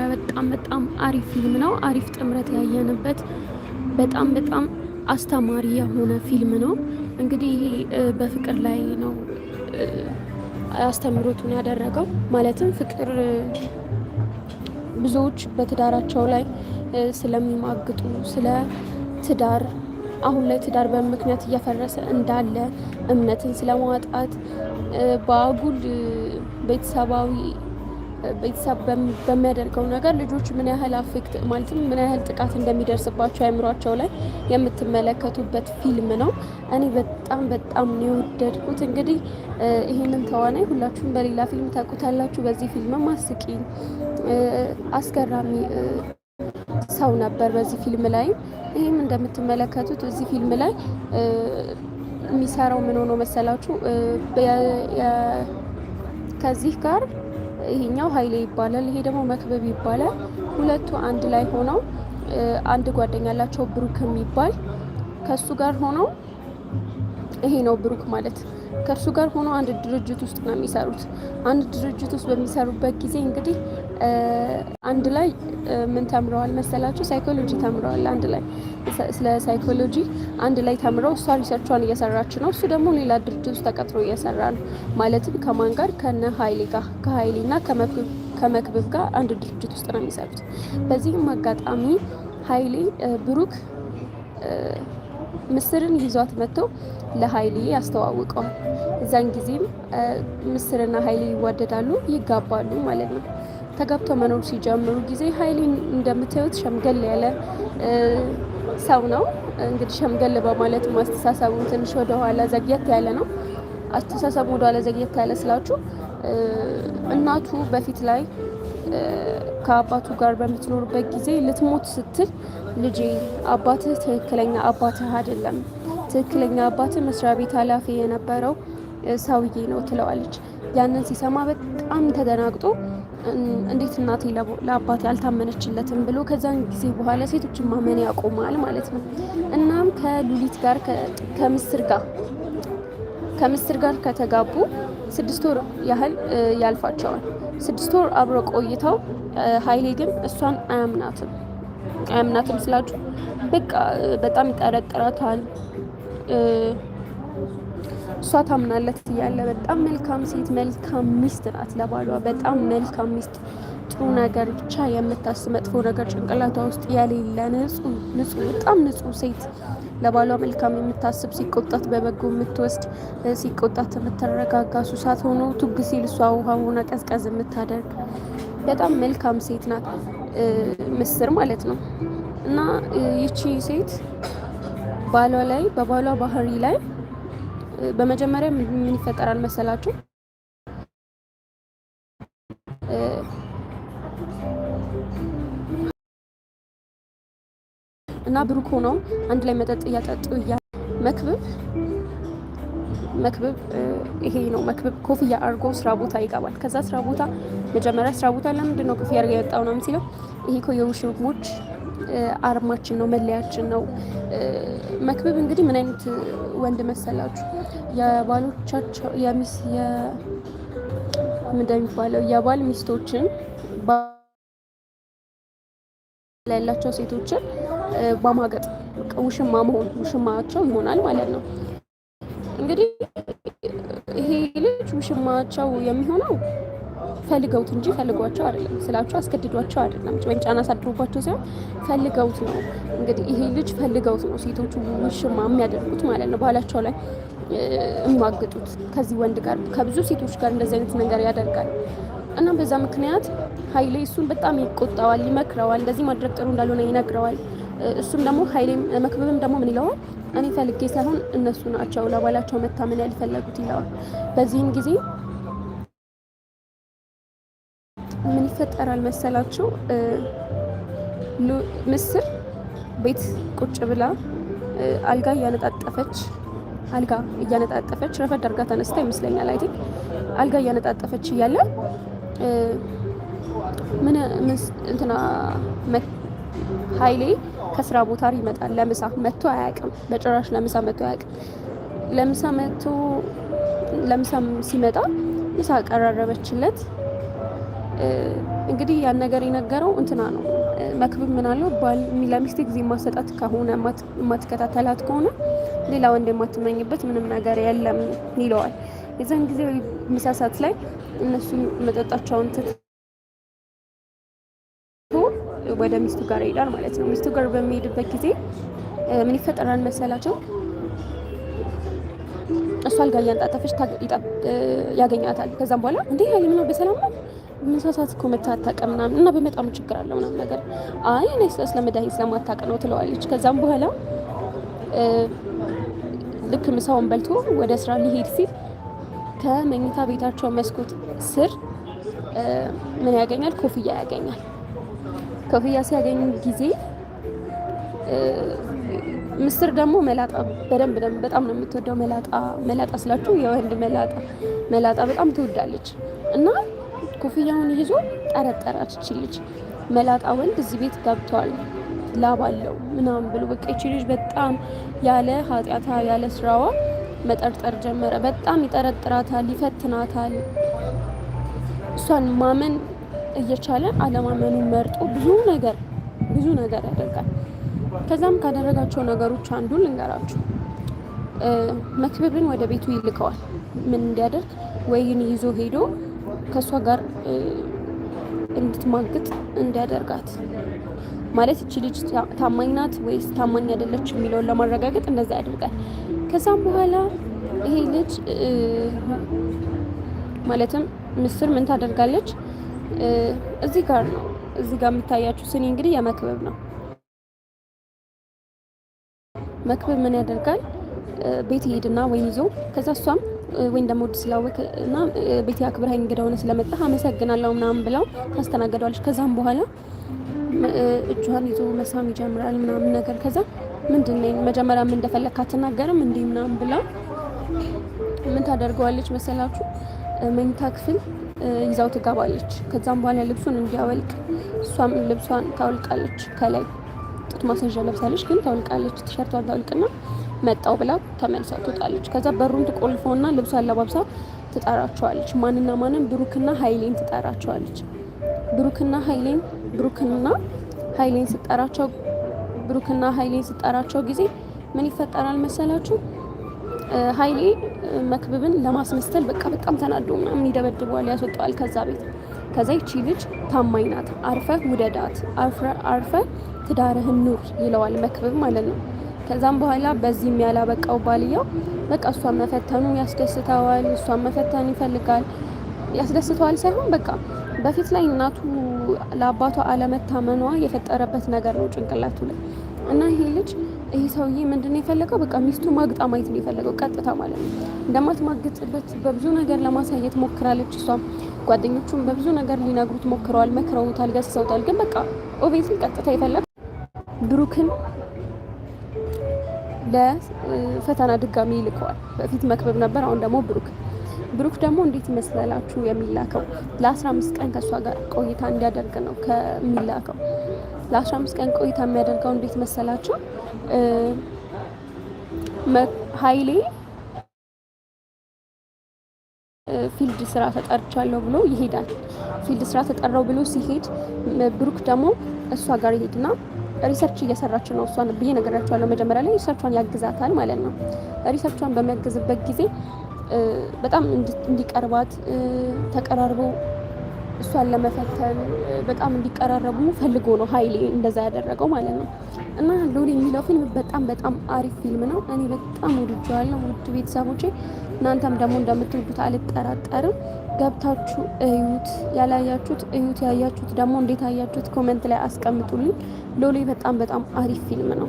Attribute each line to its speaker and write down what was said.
Speaker 1: ነበረ። በጣም በጣም አሪፍ ፊልም ነው። አሪፍ ጥምረት ያየንበት በጣም በጣም አስተማሪ የሆነ ፊልም ነው። እንግዲህ በፍቅር ላይ ነው አስተምሮቱን ያደረገው። ማለትም ፍቅር ብዙዎች በትዳራቸው ላይ ስለሚማግጡ ስለ ትዳር አሁን ላይ ትዳር በምክንያት እየፈረሰ እንዳለ እምነትን ስለማጣት በአጉል ቤተሰባዊ ቤተሰብ በሚያደርገው ነገር ልጆች ምን ያህል አፌክት ማለትም ምን ያህል ጥቃት እንደሚደርስባቸው አይምሯቸው ላይ የምትመለከቱበት ፊልም ነው። እኔ በጣም በጣም የወደድኩት። እንግዲህ ይህንን ተዋናይ ሁላችሁም በሌላ ፊልም ታውቁታላችሁ። በዚህ ፊልምም አስቂ አስገራሚ ሰው ነበር በዚህ ፊልም ላይ። ይህም እንደምትመለከቱት እዚህ ፊልም ላይ የሚሰራው ምን ሆኖ መሰላችሁ ከዚህ ጋር ይሄኛው ኃይሌ ይባላል፣ ይሄ ደግሞ መክበብ ይባላል። ሁለቱ አንድ ላይ ሆነው አንድ ጓደኛ ያላቸው ብሩክ የሚባል ከሱ ጋር ሆነው ይሄ ነው ብሩክ ማለት ነው። ከእርሱ ጋር ሆኖ አንድ ድርጅት ውስጥ ነው የሚሰሩት። አንድ ድርጅት ውስጥ በሚሰሩበት ጊዜ እንግዲህ አንድ ላይ ምን ተምረዋል መሰላችሁ? ሳይኮሎጂ ተምረዋል። አንድ ላይ ስለ ሳይኮሎጂ አንድ ላይ ተምረው እሷ ሪሰርቿን እየሰራች ነው፣ እሱ ደግሞ ሌላ ድርጅት ውስጥ ተቀጥሮ እየሰራ ነው። ማለትም ከማን ጋር? ከነ ሀይሌ ጋር ከሀይሌ እና ከመክብብ ጋር አንድ ድርጅት ውስጥ ነው የሚሰሩት። በዚህም አጋጣሚ ሀይሌ ብሩክ ምስርን ይዟት መጥቶ ለሀይሌ ያስተዋውቀዋል። እዛን ጊዜም ምስርና ሀይሌ ይዋደዳሉ፣ ይጋባሉ ማለት ነው። ተገብቶ መኖር ሲጀምሩ ጊዜ ሀይሌ እንደምታዩት ሸምገል ያለ ሰው ነው። እንግዲህ ሸምገል በማለት አስተሳሰቡ ትንሽ ወደኋላ ዘግየት ያለ ነው። አስተሳሰቡ ወደኋላ ዘግየት ያለ ስላችሁ እናቱ በፊት ላይ ከአባቱ ጋር በምትኖርበት ጊዜ ልትሞት ስትል ልጄ አባትህ ትክክለኛ አባትህ አይደለም፣ ትክክለኛ አባትህ መስሪያ ቤት ኃላፊ የነበረው ሰውዬ ነው ትለዋለች። ያንን ሲሰማ በጣም ተደናግጦ እንዴት እናቴ ለአባት አልታመነችለትም ብሎ ከዛን ጊዜ በኋላ ሴቶችን ማመን ያቆማል ማለት ነው። እናም ከሉሊት ጋር ከምስር ጋር ከምስር ጋር ከተጋቡ ስድስት ወር ያህል ያልፋቸዋል። ስድስት ወር አብረ ቆይተው ሀይሌ ግን እሷን አያምናትም። አያምናትም ስላችሁ በቃ በጣም ይጠረጥራታል። እሷ ታምናለት እያለ በጣም መልካም ሴት መልካም ሚስት ናት ለባሏ በጣም መልካም ሚስት መጥፎ ነገር ብቻ የምታስብ መጥፎ ነገር ጭንቅላቷ ውስጥ የሌለ ንጹህ ንጹህ በጣም ንጹህ ሴት ለባሏ መልካም የምታስብ ሲቆጣት በበጎ የምትወስድ ሲቆጣት የምትረጋጋ ሱሳት ሆኖ ቱግ ሲል እሷ ውሃ ሆና ቀዝቀዝ የምታደርግ በጣም መልካም ሴት ናት፣ ምስር ማለት ነው። እና ይቺ ሴት ባሏ ላይ በባሏ ባህሪ ላይ በመጀመሪያ ምን ይፈጠራል መሰላችሁ? እና ብሩክ ሆነው አንድ ላይ መጠጥ እያጠጡ እያ መክብብ መክብብ ይሄ ነው መክብብ ኮፍያ አድርጎ ስራ ቦታ ይገባል። ከዛ ስራ ቦታ መጀመሪያ ስራ ቦታ ለምንድን ነው ኮፍያ አድርገህ የወጣው ነው ሲለው ይሄ ኮ የውሽሞች አርማችን ነው መለያችን ነው። መክብብ እንግዲህ ምን አይነት ወንድ መሰላችሁ? የባሎቻቸው የሚስ ምንድን ነው የሚባለው የባል ሚስቶችን ያላቸው ሴቶችን በማገጥ ውሽማ መሆን ውሽማቸው ይሆናል ማለት ነው። እንግዲህ ይሄ ልጅ ውሽማቸው የሚሆነው ፈልገውት እንጂ ፈልጓቸው አይደለም ስላቸው አስገድዷቸው አይደለም ወይም ጫና አሳድሮባቸው ሳይሆን ፈልገውት ነው። እንግዲህ ይሄ ልጅ ፈልገውት ነው ሴቶቹ ውሽማ የሚያደርጉት ማለት ነው ባላቸው ላይ የሚማግጡት ከዚህ ወንድ ጋር ከብዙ ሴቶች ጋር እንደዚህ አይነት ነገር ያደርጋል። እና በዛ ምክንያት ሀይሌ እሱን በጣም ይቆጣዋል፣ ይመክረዋል፣ እንደዚህ ማድረግ ጥሩ እንዳልሆነ ይነግረዋል። እሱም ደግሞ ሀይሌም መክብብም ደግሞ ምን ይለዋል? እኔ ፈልጌ ሳይሆን እነሱ ናቸው ለባላቸው መታመን ያልፈለጉት ይለዋል። በዚህም ጊዜ ምን ይፈጠራል መሰላችሁ? ምስር ቤት ቁጭ ብላ አልጋ እያነጣጠፈች አልጋ እያነጣጠፈች ረፈድ አድርጋ ተነስታ ይመስለኛል። አይ አልጋ እያነጣጠፈች እያለ ምን እንትና ሀይሌ ከስራ ቦታ ይመጣል። ለምሳ መጥቶ አያውቅም፣ በጭራሽ ለምሳ መጥቶ አያውቅም። ለምሳ መጥቶ ለምሳም ሲመጣ ምሳ ቀራረበችለት። እንግዲህ ያን ነገር የነገረው እንትና ነው መክብብ ምናለው ባል ለሚስቴ ጊዜ ማሰጣት ከሆነ የማትከታተላት ከሆነ ሌላ ወንድ የማትመኝበት ምንም ነገር የለም ይለዋል። የዛን ጊዜ መሳሳት ላይ እነሱ መጠጣቸውን ትቶ ወደ ሚስቱ ጋር ይሄዳል ማለት ነው። ሚስቱ ጋር በሚሄድበት ጊዜ ምን ይፈጠራል መሰላቸው? እሷ አልጋ እያንጣጠፈች ያገኛታል። ከዛም በኋላ እንዴ ያለ ምን በሰላም ነው መሳሳት እኮ መታ ምናምን እና በመጣም ችግር አለ ምናምን ነገር አይ እኔ ስለ መድኃኒት ስለማታውቅ ነው ትለዋለች። ከዛም በኋላ ልክ ምሳውን በልቶ ወደ ስራ ሊሄድ ሲል ከመኝታ ቤታቸው መስኮት ስር ምን ያገኛል? ኮፍያ ያገኛል። ኮፍያ ሲያገኝ ጊዜ ምስር ደግሞ መላጣ በደንብ ደንብ በጣም ነው የምትወደው። መላጣ መላጣ ስላችሁ የወንድ መላጣ መላጣ በጣም ትወዳለች እና ኮፍያውን ይዞ ጠረጠራች እቺ ልጅ መላጣ ወንድ እዚህ ቤት ገብቷል ላባለው አለው ምናምን ብሎ በቃ ይቺ ልጅ በጣም ያለ ኃጢአታ ያለ ስራዋ መጠርጠር ጀመረ። በጣም ይጠረጥራታል፣ ይፈትናታል። እሷን ማመን እየቻለ አለማመኑን መርጦ ብዙ ነገር ብዙ ነገር ያደርጋል። ከዛም ካደረጋቸው ነገሮች አንዱን ልንገራችሁ። መክብብን ወደ ቤቱ ይልከዋል። ምን እንዲያደርግ ወይን ይዞ ሄዶ ከእሷ ጋር እንድትማግጥ እንዲያደርጋት ማለት እቺ ልጅ ታማኝ ናት ወይስ ታማኝ አይደለች የሚለውን ለማረጋገጥ እንደዛ ያደርጋል። ከዛም በኋላ ይሄ ልጅ ማለትም ምስር ምን ታደርጋለች? እዚህ ጋር ነው እዚህ ጋር የምታያችሁ ስኒ እንግዲህ የመክበብ ነው። መክበብ ምን ያደርጋል? ቤት ይሄድና ወይን ይዞ ከዛ እሷም ወይም ደግሞ ወድ ስላወቅ እና ቤት አክብረኸኝ እንግዳ ሆነ ስለመጣ አመሰግናለሁ ምናምን ብለው ታስተናገደዋለች። ከዛም በኋላ እጇን ይዞ መሳም ይጀምራል ምናምን ነገር ከዛ ምንድነ መጀመሪያ ምን እንደፈለግ አትናገርም እንዲህ ምናምን ብላ ምን ታደርገዋለች መሰላችሁ? መኝታ ክፍል ይዛው ትገባለች። ከዛም በኋላ ልብሱን እንዲያወልቅ እሷም ልብሷን ታወልቃለች። ከላይ ጡት ማስያዣ ለብሳለች፣ ግን ታወልቃለች። ቲሸርቷን ታወልቅና መጣው ብላ ተመልሳ ትወጣለች። ከዛ በሩን ትቆልፈውና ልብሷን ለባብሳ ትጠራቸዋለች። ማንና ማንም ብሩክና ሀይሌን ትጠራቸዋለች። ብሩክና ሀይሌን ብሩክና ሀይሌን ስጠራቸው ብሩክና ሀይሌ ስጠራቸው ጊዜ ምን ይፈጠራል መሰላችሁ? ሀይሌ መክብብን ለማስመሰል በቃ በጣም ተናዶ ምናምን ይደበድበዋል፣ ያስወጣዋል ከዛ ቤት። ከዛ ይቺ ልጅ ታማኝ ናት፣ አርፈ ውደዳት፣ አርፈ ትዳርህን ኑር ይለዋል መክብብ ማለት ነው። ከዛም በኋላ በዚህም በቃው ባልያው በቃ እሷን መፈተኑ ያስደስተዋል፣ እሷን መፈተን ይፈልጋል። ያስደስተዋል ሳይሆን በቃ በፊት ላይ እናቱ ለአባቷ አለመታመኗ የፈጠረበት ነገር ነው ጭንቅላቱ ላይ እና ይሄ ልጅ ይሄ ሰውዬ ምንድን ነው የፈለገው? በቃ ሚስቱ ማግጣ ማየት ነው የፈለገው፣ ቀጥታ ማለት ነው። እንደማትማግጥበት በብዙ ነገር ለማሳየት ሞክራለች። እሷም ጓደኞቹም በብዙ ነገር ሊነግሩት ሞክረዋል፣ መክረውታል፣ ገስሰውታል። ግን በቃ ኦቬትን ቀጥታ የፈለገው ብሩክን ለፈተና ድጋሚ ይልከዋል። በፊት መክበብ ነበር፣ አሁን ደግሞ ብሩክ ብሩክ ደግሞ እንዴት ይመስላላችሁ የሚላከው ለ15 ቀን ከእሷ ጋር ቆይታ እንዲያደርግ ነው ከሚላከው። ለ15 ቀን ቆይታ የሚያደርገው እንዴት መሰላችሁ? ሀይሌ ፊልድ ስራ ተጠርቻለሁ ብሎ ይሄዳል። ፊልድ ስራ ተጠራው ብሎ ሲሄድ ብሩክ ደግሞ እሷ ጋር ይሄድና ሪሰርች እየሰራች ነው እሷን ብዬ ነገራቸዋለሁ። መጀመሪያ ላይ ሪሰርቿን ያግዛታል ማለት ነው። ሪሰርቿን በሚያግዝበት ጊዜ በጣም እንዲቀርባት ተቀራርበው እሷን ለመፈተን በጣም እንዲቀራረቡ ፈልጎ ነው ሀይሌ እንደዛ ያደረገው ማለት ነው። እና ሎል የሚለው ፊልም በጣም በጣም አሪፍ ፊልም ነው። እኔ በጣም ወድጀዋለሁ። ውድ ቤተሰቦቼ እናንተም ደግሞ እንደምትወዱት አልጠራጠርም። ገብታችሁ እዩት፣ ያላያችሁት እዩት፣ ያያችሁት ደግሞ እንዴት አያችሁት ኮመንት ላይ አስቀምጡልኝ። ሎሌ በጣም በጣም አሪፍ ፊልም ነው።